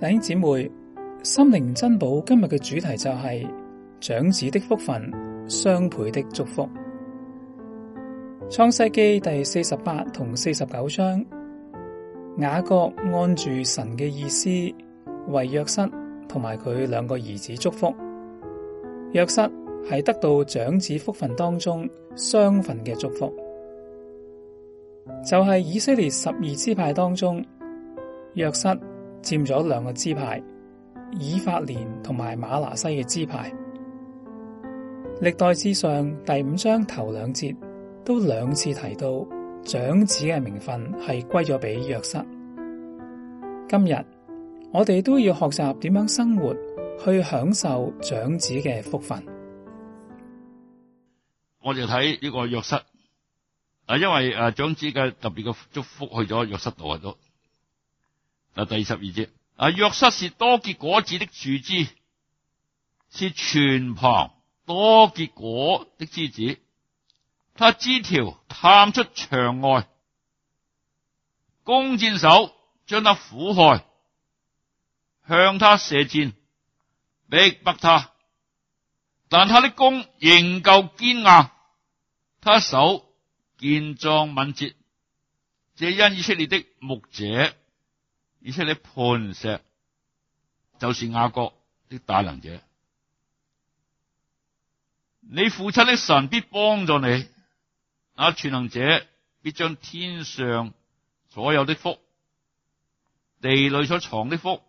弟兄姊妹，心靈珍寶今日嘅主題就係、是、長子的福分，雙倍的祝福。創世紀第四十八同四十九章，雅各按住神嘅意思為約瑟同埋佢兩個兒子祝福。約瑟係得到長子福分當中雙份嘅祝福，就係、是、以色列十二支派當中約瑟。佔咗兩個支派，以法蓮同埋馬拿西嘅支派。歷代志上第五章頭兩節都兩次提到長子嘅名分係歸咗俾約瑟。今日我哋都要學習點樣生活去享受長子嘅福分。我哋睇呢個約瑟，啊，因為啊長子嘅特別嘅祝福去咗約瑟度啊，都。嗱，第二十二節，啊，約瑟是多結果子的樹枝，是泉旁多結果的枝子，他枝條探出牆外，弓箭手將他苦害，向他射箭，逼迫他，但他的弓仍舊堅硬，他手健壯敏捷，這因以色列的牧者。以色列的磐石就是雅各的大能者，你父親的神必幫助你，那全能者必將天上所有的福、地裡所藏的福、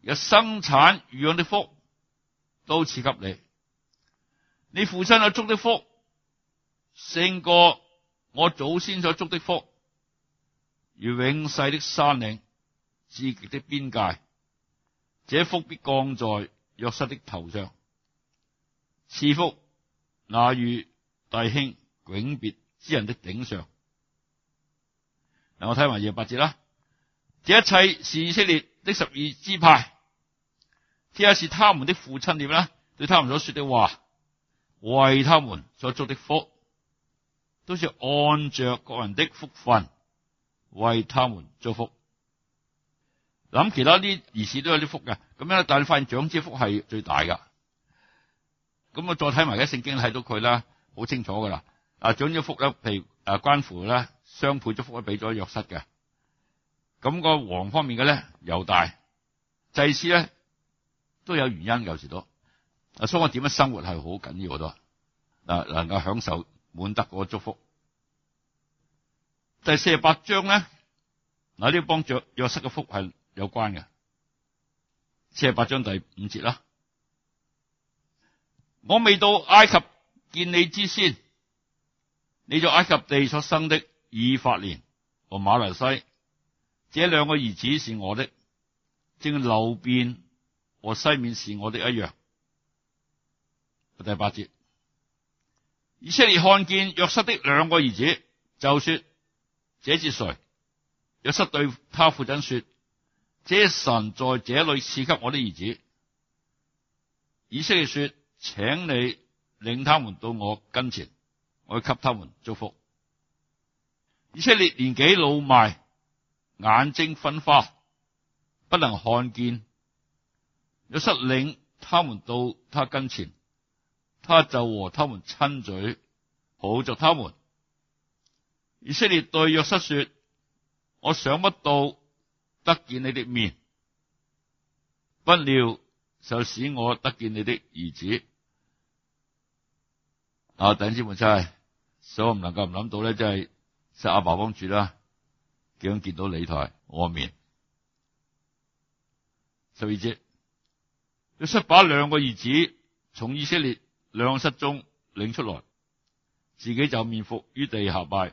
有生產乳養的福都賜給你。你父親所祝的福勝過我祖先所祝的福，如永世的山嶺。至極的邊界，這福必降在約瑟的頭上。是福那與弟兄迥別之人的頂上。嗱，我睇埋廿八節啦。這一切是以色列的十二支派，這也是他們的父親點啦？對他們所說的話，為他們所祝的福，都是按着各人的福分為他們祝福。諗其他啲兒子都有啲福嘅，咁樣，但係發現長子福係最大噶，咁我再睇埋嘅聖經睇到佢啦，好清楚噶啦。啊長子福咧，譬如啊關乎咧雙倍嘅祝福都俾咗約瑟嘅，咁、那個王方面嘅咧又大，祭司咧都有原因，有時都。啊，所以我點樣生活係好緊要都啊，能夠享受滿得嗰個祝福。第四十八章咧，嗱呢幫著約瑟嘅福係。有關嘅，四十八章第五節啦。我未到埃及見你之先，你在埃及地出生的以法蓮和馬來西，這兩個兒子是我的正流便和西面是我的一樣。第八節，以色列看見約瑟的兩個兒子，就說：這是誰？約瑟對他父親說。這神在這裏賜給我的兒子。以色列說，請你領他們到我跟前，我要給他們祝福。以色列年紀老邁，眼睛昏花，不能看見，若失領他們到他跟前，他就和他們親嘴，抱着他們。以色列對約瑟說：「我想不到。得見你的面，不料就使我得見你的兒子。啊，等先冇錯，所唔能夠唔諗到咧，即係阿爸幫住啦，點樣見到你台我面？十二節，佢出把兩個兒子從以色列兩膝中領出來，自己就面伏於地下拜，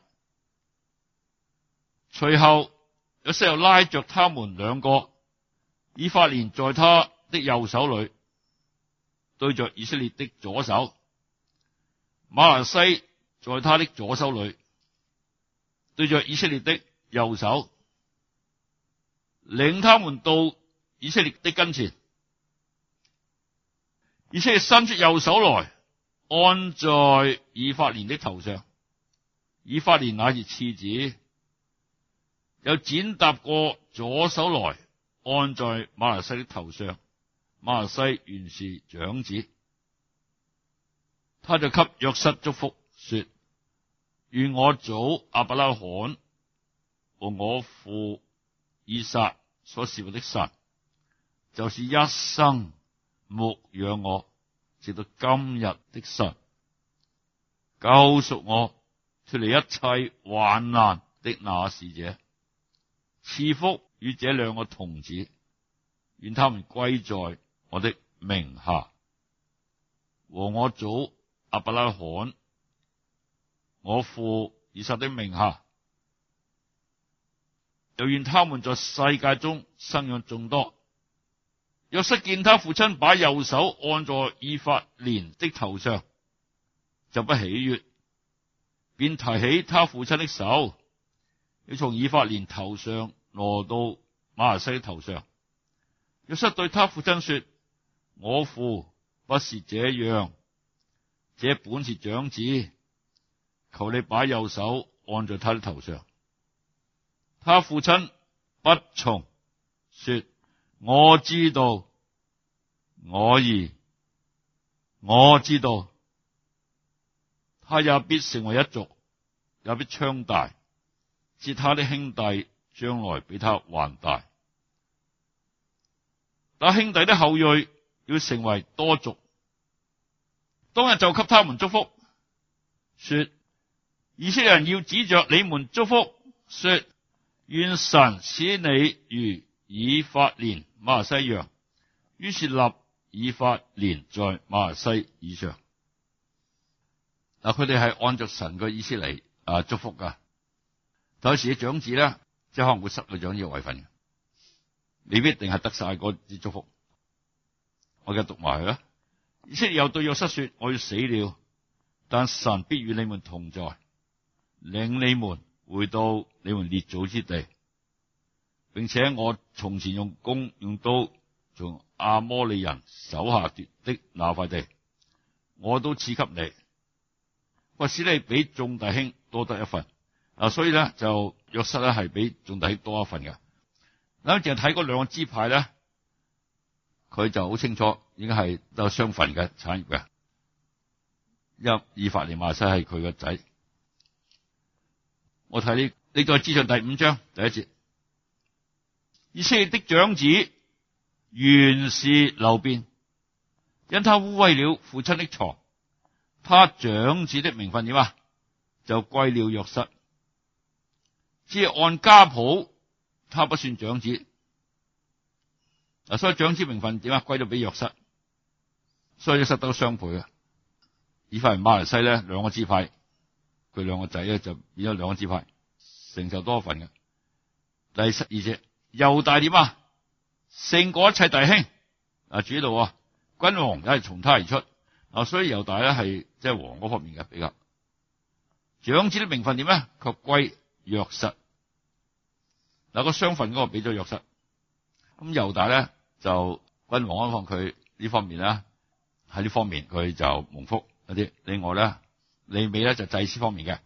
隨後。有時候拉着他們兩個，以法蓮在他的右手裏，對着以色列的左手；瑪拿西在他的左手裏，對着以色列的右手，領他們到以色列的跟前。以色列伸出右手來，按在以法蓮的頭上，以法蓮乃是次子。又剪搭過左手來，按在瑪拿西的頭上。瑪拿西原是長子，他就給約瑟祝福說，說：願我祖亞伯拉罕和我父以撒所事奉的神，就是一生牧養我直到今日的神，救贖我脱離一切患難的那使者。賜福與這兩個童子，願他們歸在我的名下，和我祖亞伯拉罕、我父以撒的名下，又願他們在世界中生養眾多。約瑟見他父親把右手按在以法蓮的頭上，就不喜悅，便提起他父親的手。你從以法蓮頭上挪到馬來西亞頭上。約瑟對他父親說：我父不是這樣，這本是長子，求你把右手按在他的頭上。他父親不從，說：我知道，我兒，我知道，他也必成為一族，也必昌大。至他的兄弟將來比他還大，但兄弟的後裔要成為多族。當日就給他們祝福，說：以色列人要指着你們祝福，說願神使你如以法蓮瑪拿西一樣。於是立以法蓮在瑪拿西以上。啊，佢哋係按照神嘅意思嚟啊祝福噶。有時嘅長子咧，即係可能會失去長子，嘅位份嘅，你必定係得晒嗰啲祝福。我而家讀埋佢啦。以色列又對約瑟說：我要死了，但神必與你們同在，領你們回到你們列祖之地，並且我從前用弓用刀從阿摩利人手下奪的那塊地，我都賜給你。我使你俾眾弟兄多得一份。所以咧就約瑟咧係比眾弟兄多一份嘅。嗱，淨係睇嗰兩個支派咧，佢就好清楚，應該係有雙份嘅產業嘅。因以法蓮瑪西係佢個仔。我睇呢呢個代志上第五章第一節，以色列的長子原是流便，因他污穢了父親的床，他長子的名分點啊？就歸了約瑟。即係按家譜，他不算長子，所以長子名分點啊？歸咗俾約瑟，所以失得雙倍啊！以法蓮瑪拿西呢咧，兩個支派，佢兩個仔咧就變咗兩個支派，承受多一份嘅。第十二隻猶大點啊？勝過一切弟兄，主注意軍啊，君王也係從他而出，所以猶大咧係即係王嗰方面嘅比較，長子的名分點咧？卻歸約瑟。嗱，個雙份嗰個俾咗約瑟，咁猶大咧就君王安放佢呢方面啦，喺呢方面佢就蒙福一啲，另外咧利未咧就是、祭司方面嘅。